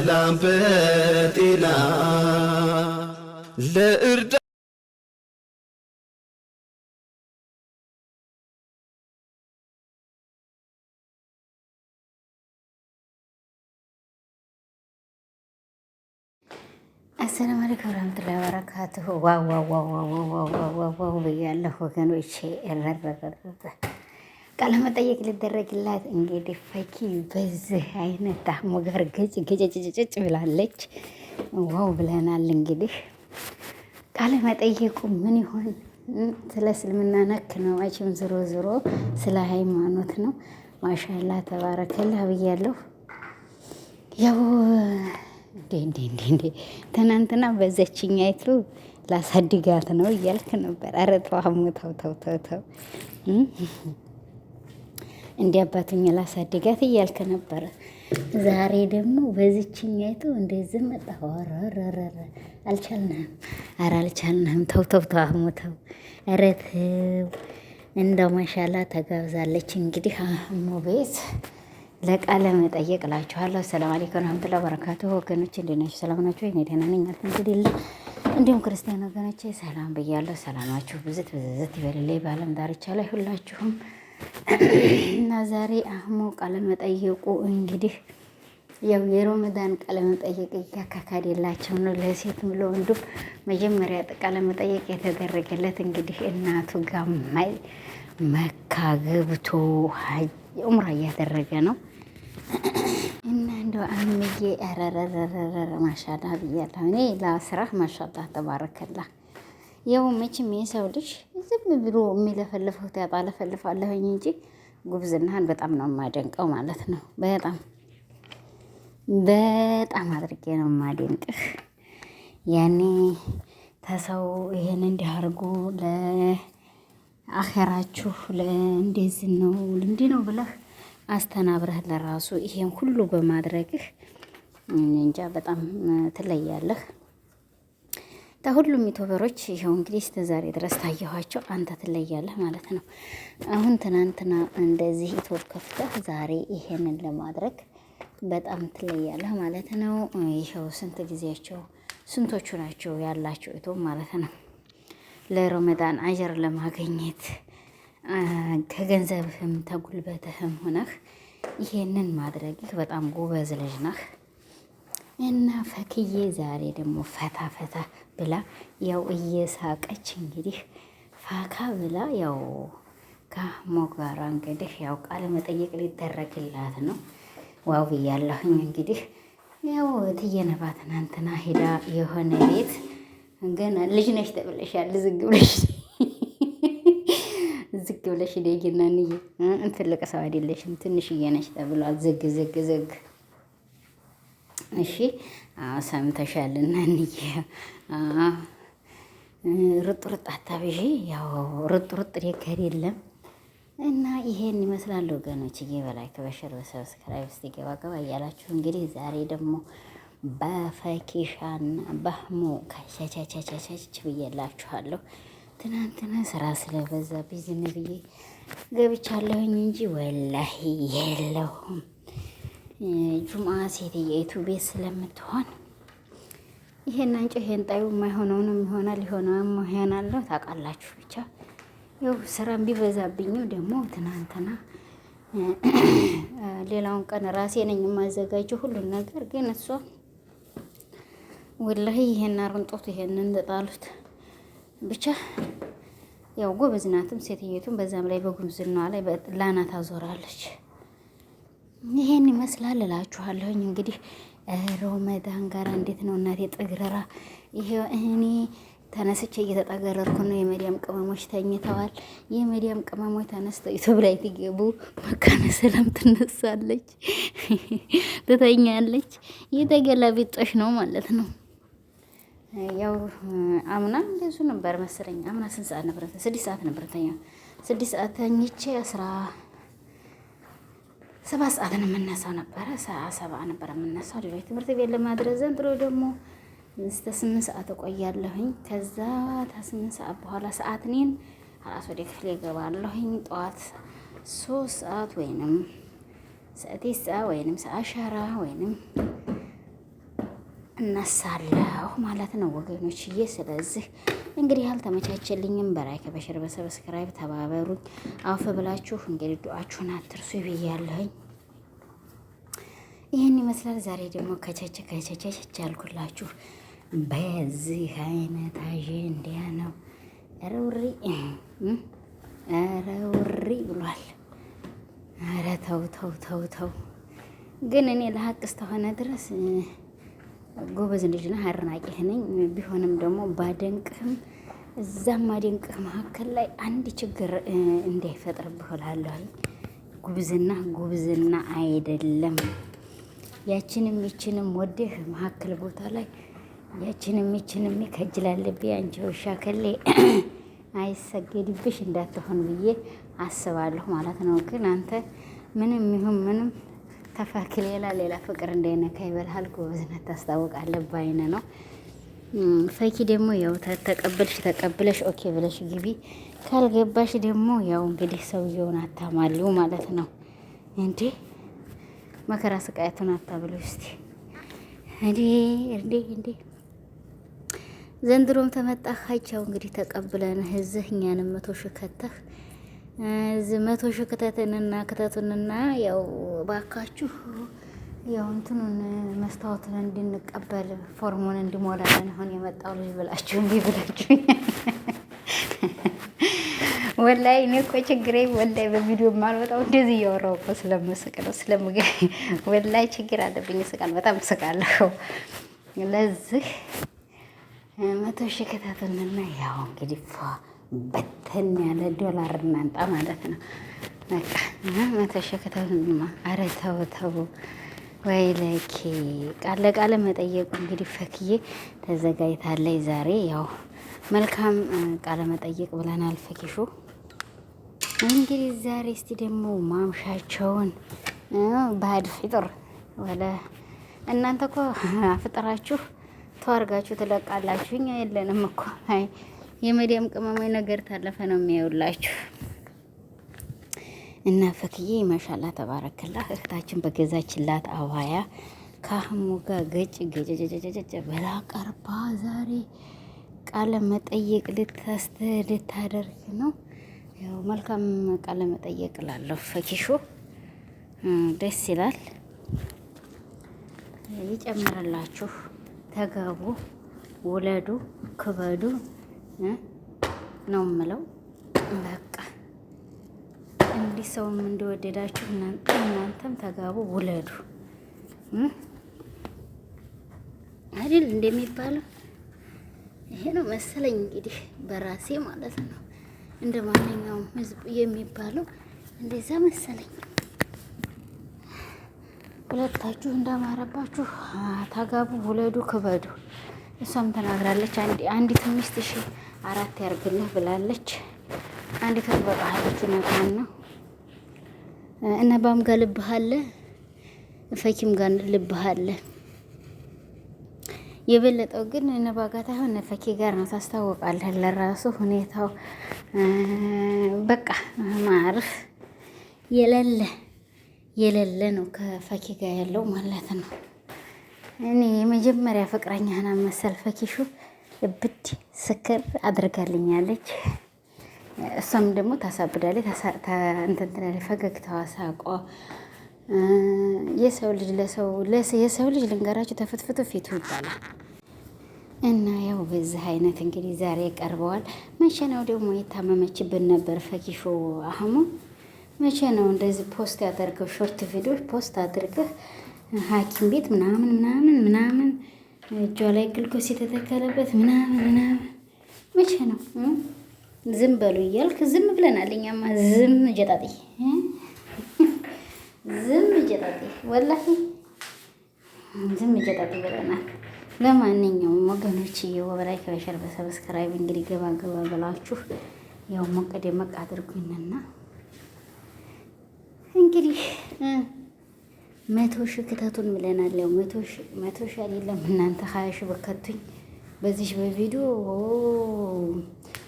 በሰላም በጤና ለእርዳ አሰላም አለይኩም ወረህመቱላሂ ወበረካቱሁ። ዋው ዋው ዋው ዋው ዋው ዋው ብያለሁ ወገኖቼ። ቃለመጠየቅ ሊደረግላት እንግዲህ ፈኪ በዚህ አይነት ታሞ ጋር ገጭ ገጨጭጭጭ ብላለች። ዋው ብለናል። እንግዲህ ቃለመጠየቁ ምን ይሆን? ስለ እስልምና ነክ ነው። መቼም ዝሮ ዝሮ ስለ ሃይማኖት ነው። ማሻላ ተባረከላ ብያለሁ። ያው እንዴ ትናንትና በዘችኛይቱ ላሳድጋት ነው እያልክ ነበር። ኧረ ተው ተው ተው ተው ተው እንደ አባቱኝ ላሳድጋት እያልክ ነበረ። ዛሬ ደግሞ በዚችኛይቱ እንደዚህ መጣ። ረረረ አልቻልንህም፣ ኧረ አልቻልንህም። ተው ተው ተው አህሙ ተው፣ ኧረ ተው። እንደው ማሻላ ተጋብዛለች። እንግዲህ አህሙ ቤት ለቃለ መጠየቅ እላችኋለሁ። ሰላም አለይኩም ረህመቱላሂ ወበረካቱ። ወገኖች እንዴት ናችሁ? ሰላም ናችሁ ወይ? እኔ ደህና ነኝ አልሐምዱሊላህ። እንዲሁም ክርስቲያን ወገኖቼ ሰላም ብያለሁ። ሰላማችሁ ብዝት ብዝዝት ይበልልኝ። በአለም ዳርቻ ላይ ሁላችሁም እና ዛሬ አህሙ ቃለመጠየቁ እንግዲህ ያው የሮመዳን ቃለመጠየቅ የላቸው ነው። ለሴትም ለወንዱም መጀመሪያ ቃለመጠየቅ የተደረገለት እንግዲህ እናቱ ጋማይ መካ ገብቶ ኡምራ እያደረገ ነው። እና እንደ አህምዬ ረረረረረ ማሻላ ብያለሁ እኔ ለስራህ ማሻላ ተባረከላ ያው መቼም የሰው ልጅ ዝም ብሎ የሚለፈልፈው ታባለፈልፋለሁኝ እንጂ ጉብዝናህን በጣም ነው የማደንቀው ማለት ነው። በጣም በጣም አድርጌ ነው የማደንቅህ። ያኔ ተሰው ይሄን እንዲያርጉ ለአኼራችሁ ለእንደዚህ ነው እንዲህ ነው ብለህ አስተናብረህ ለራሱ ይሄን ሁሉ በማድረግህ እንጃ በጣም ትለያለህ። ሁሉም ዩቱበሮች ይኸው እንግዲህ እስከ ዛሬ ድረስ ታየኋቸው፣ አንተ ትለያለህ ማለት ነው። አሁን ትናንትና እንደዚህ ዩቱብ ከፍተህ ዛሬ ይሄንን ለማድረግ በጣም ትለያለህ ማለት ነው። ይኸው ስንት ጊዜያቸው ስንቶቹ ናቸው ያላቸው ዩቱብ ማለት ነው። ለረመዳን አጀር ለማገኘት ከገንዘብህም ተጉልበትህም ሆነህ ይሄንን ማድረግህ በጣም ጎበዝ ልጅ ነህ እና ፈክዬ ዛሬ ደግሞ ፈታ ፈታ ብላ ያው እየሳቀች እንግዲህ ፋካ ብላ ያው ከአህሙ ጋራ እንግዲህ ያው ቃለ መጠየቅ ሊደረግላት ነው። ዋው ብያለሁኝ። እንግዲህ ያው ትየነባ ትናንትና ሄዳ የሆነ ቤት ገና ልጅ ነሽ ተብለሻል። ዝግ ብለሽ ዝግ ብለሽ ደይና ንይ ትልቅ ሰው አይደለሽም ትንሽዬ ነሽ ተብሏል። ዝግ ዝግ ዝግ። እሺ ሰምተሻልና እንዬ ርጥ ርጥ አታብዢ። ያው ርጥ ርጥ የለም እና ይሄን ይመስላል ወገኖች። በላይ ከበሸር በሰብስክራይብ ስ ገባ ገባ እያላችሁ እንግዲህ ዛሬ ደግሞ በፈኪሻና ብዬላችኋለሁ። ትናንትና ስራ ብዬ ገብቻለሁኝ እንጂ ወላሂ የለሁም ጁምአ ሴትየቱ ቤት ስለምትሆን ይሄን አንጭ ይሄን ጣዩ የማይሆነውንም ይሆናል ሊሆነውም ይሆናለሁ ታውቃላችሁ። ብቻ ያው ስራም ቢበዛብኝም ደግሞ ትናንትና ሌላውን ቀን ራሴ ነኝ የማዘጋጀው ሁሉን ነገር ግን እሷ ወላሂ ይሄን አርንጦት ይሄን እንደጣሉት ብቻ ያው ጎበዝናትም ሴትየቱም በዛም ላይ በጉብዝናዋ ላይ ላናት አዞራለች። ይሄን ይመስላል እላችኋለሁኝ። እንግዲህ ሮመዳን ጋር እንዴት ነው እናቴ ጥግረራ ይሄ እኔ ተነስቼ እየተጠገረርኩ ነው። የመዲያም ቅመሞች ተኝተዋል። የመዲያም ቅመሞች ተነስተው ዩቱብ ላይ ትገቡ መካነ ሰላም ትነሳለች፣ ትተኛለች። የተገላቢጦሽ ነው ማለት ነው። ያው አምና እንደሱ ነበር መሰለኝ። አምና ስንት ሰዓት ነበረ? ስድስት ሰዓት ነበረ ተኛ። ስድስት ሰዓት ተኝቼ አስራ ሰባ ሰዓት ሰዓትን የምነሳው ነበረ ሰባ ነበረ የምነሳው ድሮ ትምህርት ቤት ለማድረስ ዘንድሮ ደግሞ እስከ ስምንት ሰዓት እቆያለሁኝ። ከዛ ከስምንት ሰዓት በኋላ ሰዓት እኔን አራት ወደ ክፍል እገባለሁኝ። ጠዋት ሶስት ሰዓት ወይንም ሰዓት ወይንም ሰዓት ሸራ ወይንም እነሳለሁ ማለት ነው ወገኖችዬ። ስለዚህ እንግዲህ አልተመቻቸልኝም። በላይክ ከበሽር በሰብስክራይብ ተባበሩኝ። አውፍ ብላችሁ እንግዲህ ዱዓችሁን አትርሱ ብያለሁኝ። ይህን ይመስላል። ዛሬ ደግሞ ከቸቸ ከቸቸ አልኩላችሁ። በዚህ አይነት አጀንዳ ነው። ረውሪ ረውሪ ብሏል። ኧረ ተው ተው ተው ተው። ግን እኔ ለሀቅ እስከሆነ ድረስ ጎበዝ ልጅ ነህ፣ አድናቂህ ነኝ። ቢሆንም ደግሞ ባደንቅህም እዛም ማደንቅህ መካከል ላይ አንድ ችግር እንዳይፈጥርብህ እላለሁ። ጉብዝና ጉብዝና አይደለም። ያችንም ይችንም ወደህ መካከል ቦታ ላይ ያችንም ይችንም ከጅላለቤ አንቺ ውሻ ከሌ አይሰገድብሽ እንዳትሆን ብዬ አስባለሁ ማለት ነው። ግን አንተ ምንም ይሁን ምንም ተፋክ ሌላ ሌላ ፍቅር እንዳይነካ ይበልሃል። ጎበዝነት ታስታውቃለህ ባይነ ነው። ፈኪ ደግሞ ያው ተቀበልሽ ተቀብለሽ ኦኬ ብለሽ ግቢ፣ ካልገባሽ ደግሞ ያው እንግዲህ ሰውየውን አታማሊው ማለት ነው። እንዴ መከራ ስቃያቱን አታብሎ እስቲ። እንዴ እንዴ ዘንድሮም ተመጣ ካቻው እንግዲህ ተቀብለን ህዝህ እኛንም መቶ ሽከተህ መቶ ሺህ ክተትንና ክተቱንና ያው ባካችሁ ያው እንትኑን መስታወትን እንድንቀበል ፎርሙን እንዲሞላለን አሁን የመጣው ልጅ ብላችሁ እንዲ ብላችሁ ወላይ እኔ እኮ ችግሬ ወላይ በቪዲዮ ማልወጣው እንደዚህ እያወራሁ እኮ ስለምስቅ ነው። ስለምገ ወላይ ችግር አለብኝ። ስቃል በጣም ስቃለሁ። ለዚህ መቶ ሺህ ክተቱንና ያው እንግዲህ በተን ያለ ዶላር እናንጣ ማለት ነው። በቃ መተሸከተማ አረ ተው ተው ወይ ለኪ ቃል ለቃለ መጠየቁ እንግዲህ ፈክዬ ተዘጋጅታለች። ዛሬ ያው መልካም ቃለ መጠየቅ ብለናል። ፈኪሹ እንግዲህ ዛሬ እስቲ ደግሞ ማምሻቸውን ባህድ ፊጥር ወለ እናንተ እኮ አፍጥራችሁ ተዋርጋችሁ ትለቃላችሁ። እኛ የለንም እኮ አይ የመዲያም ቅመማ ነገር ታለፈ ነው የሚያውላችሁ እና ፈክዬ ማሻላ ተባረክላ እህታችን በገዛችላት አዋያ ካህሙ ጋር ገጭ ገጨጨጨጨጨ በላ ቀርባ ዛሬ ቃለ መጠየቅ ልታስተ ልታደርግ ነው። ያው መልካም ቃለ መጠየቅ ላለሁ ፈኪሾ ደስ ይላል። ይጨምርላችሁ፣ ተጋቡ፣ ውለዱ፣ ክበዱ። ነው የምለው። በቃ እንዲህ ሰውም እንደወደዳችሁ እናንተም ተጋቡ ውለዱ አይደል እንደሚባለው ይሄ ነው መሰለኝ እንግዲህ በራሴ ማለት ነው እንደ ማንኛውም ህዝብ የሚባለው እንደዛ መሰለኝ። ሁለታችሁ እንዳማረባችሁ ተጋቡ፣ ውለዱ፣ ክበዱ። እሷም ተናግራለች። አንዲት ሚስት ሺ አራት ያርግልህ ብላለች። አንዲት በቃሃለች ነቃን ነው እና ባም ጋር ልብሃለ ፈኪም ጋር ልብሃለ የበለጠው ግን ነባጋታ ይሆን ነፈኪ ጋር ነው። ታስታውቃለህ ለራሱ ሁኔታው በቃ ማርፍ የለለ የለለ ነው ከፈኪ ጋር ያለው ማለት ነው። እኔ የመጀመሪያ ፍቅረኛህን መሰል ፈኪሹ እብድ ስክር አድርጋልኛለች። እሷም ደግሞ ታሳብዳለች፣ እንትን ትላለች። ፈገግታዋ ሳቋ የሰው ልጅ ለሰው የሰው ልጅ ልንገራቸው ተፈትፍቶ ፊቱ ይባላል። እና ያው በዚህ አይነት እንግዲህ ዛሬ ቀርበዋል። መቼ ነው ደግሞ የታመመችብን ነበር ፈኪሾ አህሙ? መቼ ነው እንደዚህ ፖስት ያደርገው ሾርት ቪዲዮ ፖስት አድርገህ ሐኪም ቤት ምናምን ምናምን ምናምን እጇ ላይ ግልኮስ የተተከለበት ምናምን ምናምን መቼ ነው ዝም በሉ እያልክ ዝም ብለናል። እኛማ ዝም ጀጣጤ ዝም ጀጣጤ ወላሂ ዝም ጀጣጤ ብለናል። ለማንኛውም ወገኖች የወበላይ ከበሸር በሰብስክራይብ እንግዲህ ገባ ገባ ብላችሁ ያው ሞቀ ደመቅ አድርጉኝና እንግዲህ መቶ ሺህ ክተቱን ብለናል። ያው መቶ ሺህ አይደለም እናንተ ሀያ ሺህ በከቱኝ በዚህ በቪዲዮ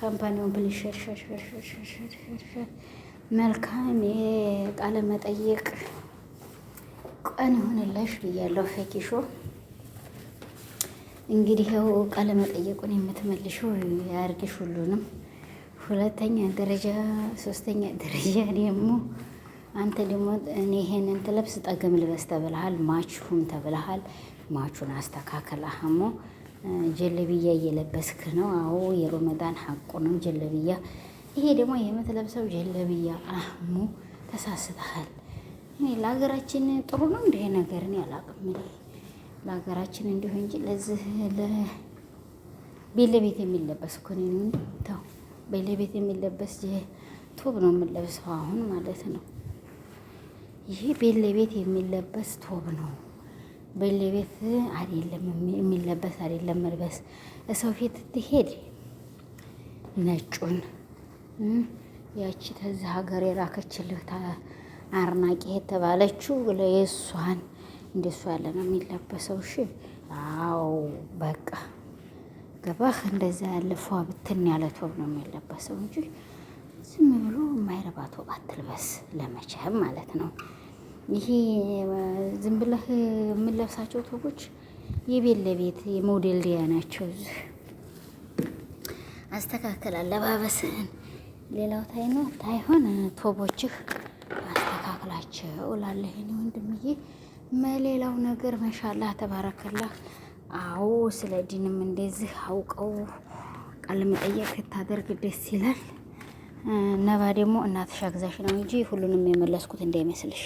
ካምፓኒውን ፕሊዝ ሸርሸርሸርሸርሸርሸር መልካም የቃለ መጠየቅ ቀን ይሁንላሽ ብያለሁ። ፈኪሾ እንግዲህ ያው ቃለ መጠየቁን የምትመልሹ ያርግሽ ሁሉንም ሁለተኛ ደረጃ ሶስተኛ ደረጃ ደግሞ አንተ ደግሞ እኔ ይሄንን ትለብስ ጠግም ልበስ ተብልሃል፣ ማችሁም ተብልሃል። ማቹን አስተካከል። አህሞ ጀለብያ እየለበስክ ነው። አዎ የሮመዳን ሐቁ ነው ጀለብያ። ይሄ ደግሞ የምትለብሰው ጀለብያ አህሙ ተሳስተሃል። ለሀገራችን ጥሩ ነው እንዲህ ነገር እኔ አላውቅም። ለሀገራችን እንዲሁ እንጂ ለዚህ ቤለቤት የሚለበስ እኮ ነው። ተው ቤለቤት የሚለበስ ቱብ ነው የምለብሰው አሁን ማለት ነው። ይሄ ቤለቤት የሚለበስ ቶብ ነው። ቤለቤት አይደለም የሚለበስ አይደለም። መልበስ ሰው ፊት ትሄድ ነጩን ያቺ ተዚህ ሀገር የላከችልህ አርናቂ የተባለችው ለየሷን እንደሱ ያለ ነው የሚለበሰው። እሺ አዎ በቃ ገባህ? እንደዛ ያለ ፏ ብትን ያለ ቶብ ነው የሚለበሰው እንጂ ዝም ብሎ የማይረባት ወጥ አትልበስ ለመቼም ማለት ነው። ይሄ ዝም ብለህ የምንለብሳቸው ቶቦች የቤት ለቤት የሞዴልዲያ ናቸው። አስተካከል አለባበስህን። ሌላው ታይኖ ታይሆን ቶቦችህ አስተካክላቸው እላለህ እኔ ወንድምዬ። መሌላው ነገር መሻላህ ተባረከላህ። አዎ ስለ ዲንም እንደዚህ አውቀው ቃል መጠየቅ ስታደርግ ደስ ይላል። ነባ ደግሞ እናትሽ አግዛሽ ነው እንጂ ሁሉንም የመለስኩት እንዳይመስልሽ።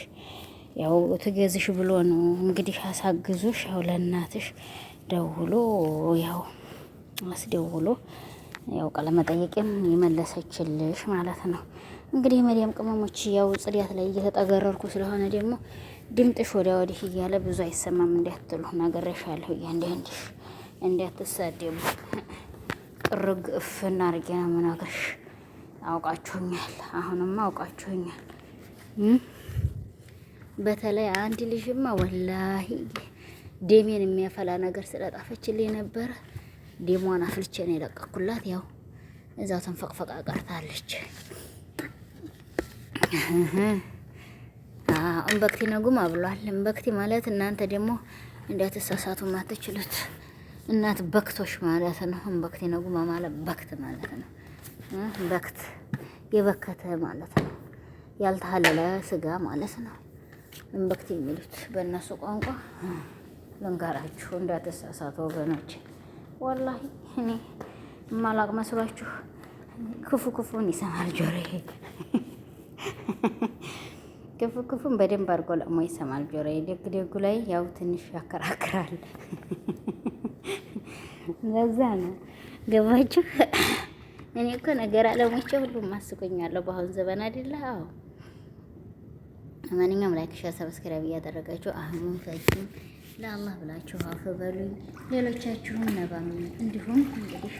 ያው ትገዝሽ ብሎ ነው እንግዲህ አሳግዙሽ። ያው ለእናትሽ ደውሎ ያው አስደውሎ ያው ቃለ መጠየቅም የመለሰችልሽ ማለት ነው። እንግዲህ መዲያም ቅመሞች ያው ጽዳት ላይ እየተጠገረርኩ ስለሆነ ደግሞ ድምጥሽ ወዲያ ወዲህ እያለ ብዙ አይሰማም እንዳትሉ ነገረሻለሁ። እያንዳንድሽ እንዳትሳደቡ ጥርግ እፍና አርጌ ነው ምናገርሽ አውቃችሁኛል። አሁንም አውቃችሁኛል። በተለይ አንድ ልጅማ ወላሂ ደሜን የሚያፈላ ነገር ስለጣፈችልኝ ነበረ። ደሟን አፍልቼ ነው የለቀኩላት። ያው እዛው ተንፈቅፈቃ ቀርታለች። እምበክቲ ነጉማ ብሏል። እምበክቲ ማለት እናንተ ደግሞ እንዳትሳሳቱ ማትችሉት እናት በክቶች ማለት ነው። እምበክቲ ነጉማ ማለት በክት ማለት ነው። በክት የበከተ ማለት ነው። ያልተሀለለ ስጋ ማለት ነው። እምበክት የሚሉት በእነሱ ቋንቋ ልንገራችሁ፣ እንዳትሳሳቱ ወገኖች። ወላሂ እኔ እማላቅ መስሏችሁ ክፉ ክፉን ይሰማል ጆሮዬ። ክፉ ክፉን በደንብ አድርጎ ለሞ ይሰማል ጆሮዬ። ደግ ደጉ ላይ ያው ትንሽ ያከራክራል። በዛ ነው ገባችሁ። እኔ እኮ ነገር አለሞቼ ሁሉም አስቆኛለሁ በአሁን ዘመን አይደለ? አዎ። ማንኛውም ላይክ፣ ሼር፣ ሰብስክራይብ እያደረጋችሁ አህሙን ፈጅም ለአላህ ብላችሁ አፍ በሉኝ። ሌሎቻችሁም ነባም እንዲሁም እንግዲህ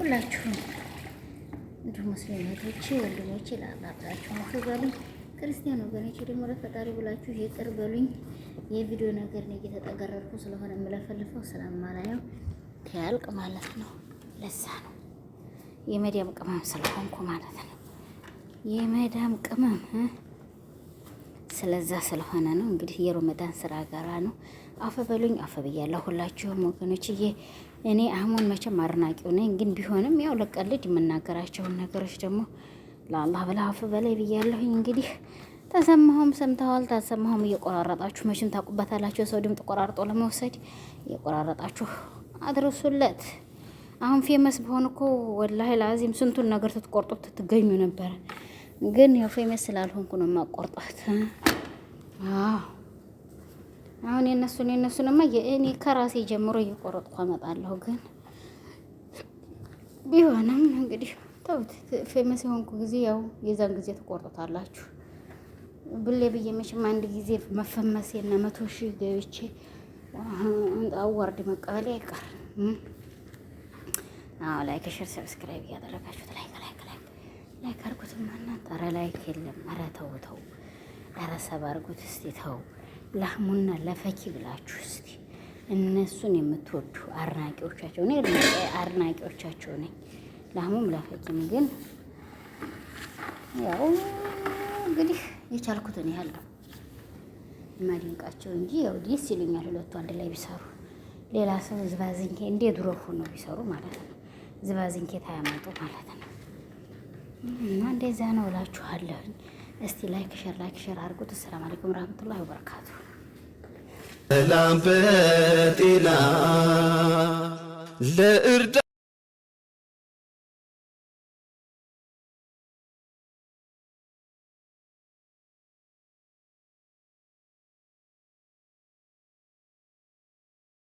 ሁላችሁም እንዲሁም ሙስሊም እህቶቼ ለአላህ ብላችሁ አፍ በሉኝ። ክርስቲያን ወገኖቼ ደግሞ ለፈጣሪ ብላችሁ ይቅር በሉኝ። የቪዲዮ ነገር ነው እየተጠገረርኩ ስለሆነ የምለፈልፈው ስለማላየው ያልቅ ማለት ነው። ለዛ ነው የመዳም ቅመም ስለሆንኩ ማለት ነው። የመዳም ቅመም ስለዛ ስለሆነ ነው እንግዲህ የሮመዳን ስራ ጋራ ነው። አፈበሉኝ አፈብያለሁ። ሁላችሁም ወገኖች ሁላችሁም ወገኖችዬ። እኔ አህሙን መቼም አድናቂው ነኝ፣ ግን ቢሆንም ያው ለቀልድ የምናገራቸውን ነገሮች ደግሞ ለአላህ ብለህ አፈበላይ ብያለሁ ብያለሁኝ። እንግዲህ ተሰማሁም ሰምተዋል፣ ታሰማሁም እየቆራረጣችሁ መቼም ታውቁበታላችሁ። ሰው ድምፅ ቆራርጦ ለመውሰድ እየቆራረጣችሁ አድርሱለት። አሁን ፌመስ በሆን እኮ ወላሂ ለአዚም ስንቱን ነገር ትትቆርጡት ትገኙ ነበረ። ግን ያው ፌመስ ስላልሆንኩ ነው የማቆርጣት አሁን የነሱን የነሱንማ የእኔ ከራሴ ጀምሮ እየቆረጥኩ አመጣለሁ። ግን ቢሆንም እንግዲህ ተውት። ፌመስ የሆንኩ ጊዜ ያው የዛን ጊዜ ትቆርጡታላችሁ ብሌ ብዬ መቼም አንድ ጊዜ መፈመሴና መቶ ሺህ ገብቼ አዋርድ መቀበሌ አይቀር አዎ ላይክ፣ ሼር፣ ሰብስክራይብ እያደረጋችሁት ላይክ ላይክ ላይክ ላይክ አርጉትማ እናንተ። ኧረ ላይክ የለም። ኧረ ተው ተው። ኧረ ሰብ አርጉት እስቲ ተው። ለአህሙና ለፈኪ ብላችሁ እስቲ እነሱን የምትወዱ አድናቂዎቻቸው እኔ አድናቂዎቻቸው ነኝ። ለአህሙም ለፈኪም ግን ያው እንግዲህ የቻልኩትን ያህል ነው የማደንቃቸው እንጂ ያው ደስ ይለኛል ሁለቱ አንድ ላይ ቢሰሩ። ሌላ ሰው ዝባዝኝ እንደ ድሮ ሆኖ ቢሰሩ ማለት ነው። ዝባዝንኬት አያመጡ ማለት ነው። እና እንደዚያ ነው እላችኋለሁኝ። እስቲ ላይክ ሸር ላይክ ሸር አድርጉት። አሰላም አለይኩም ረህመቱላሂ ወበረካቱ። ሰላም በጤና ለእርዳ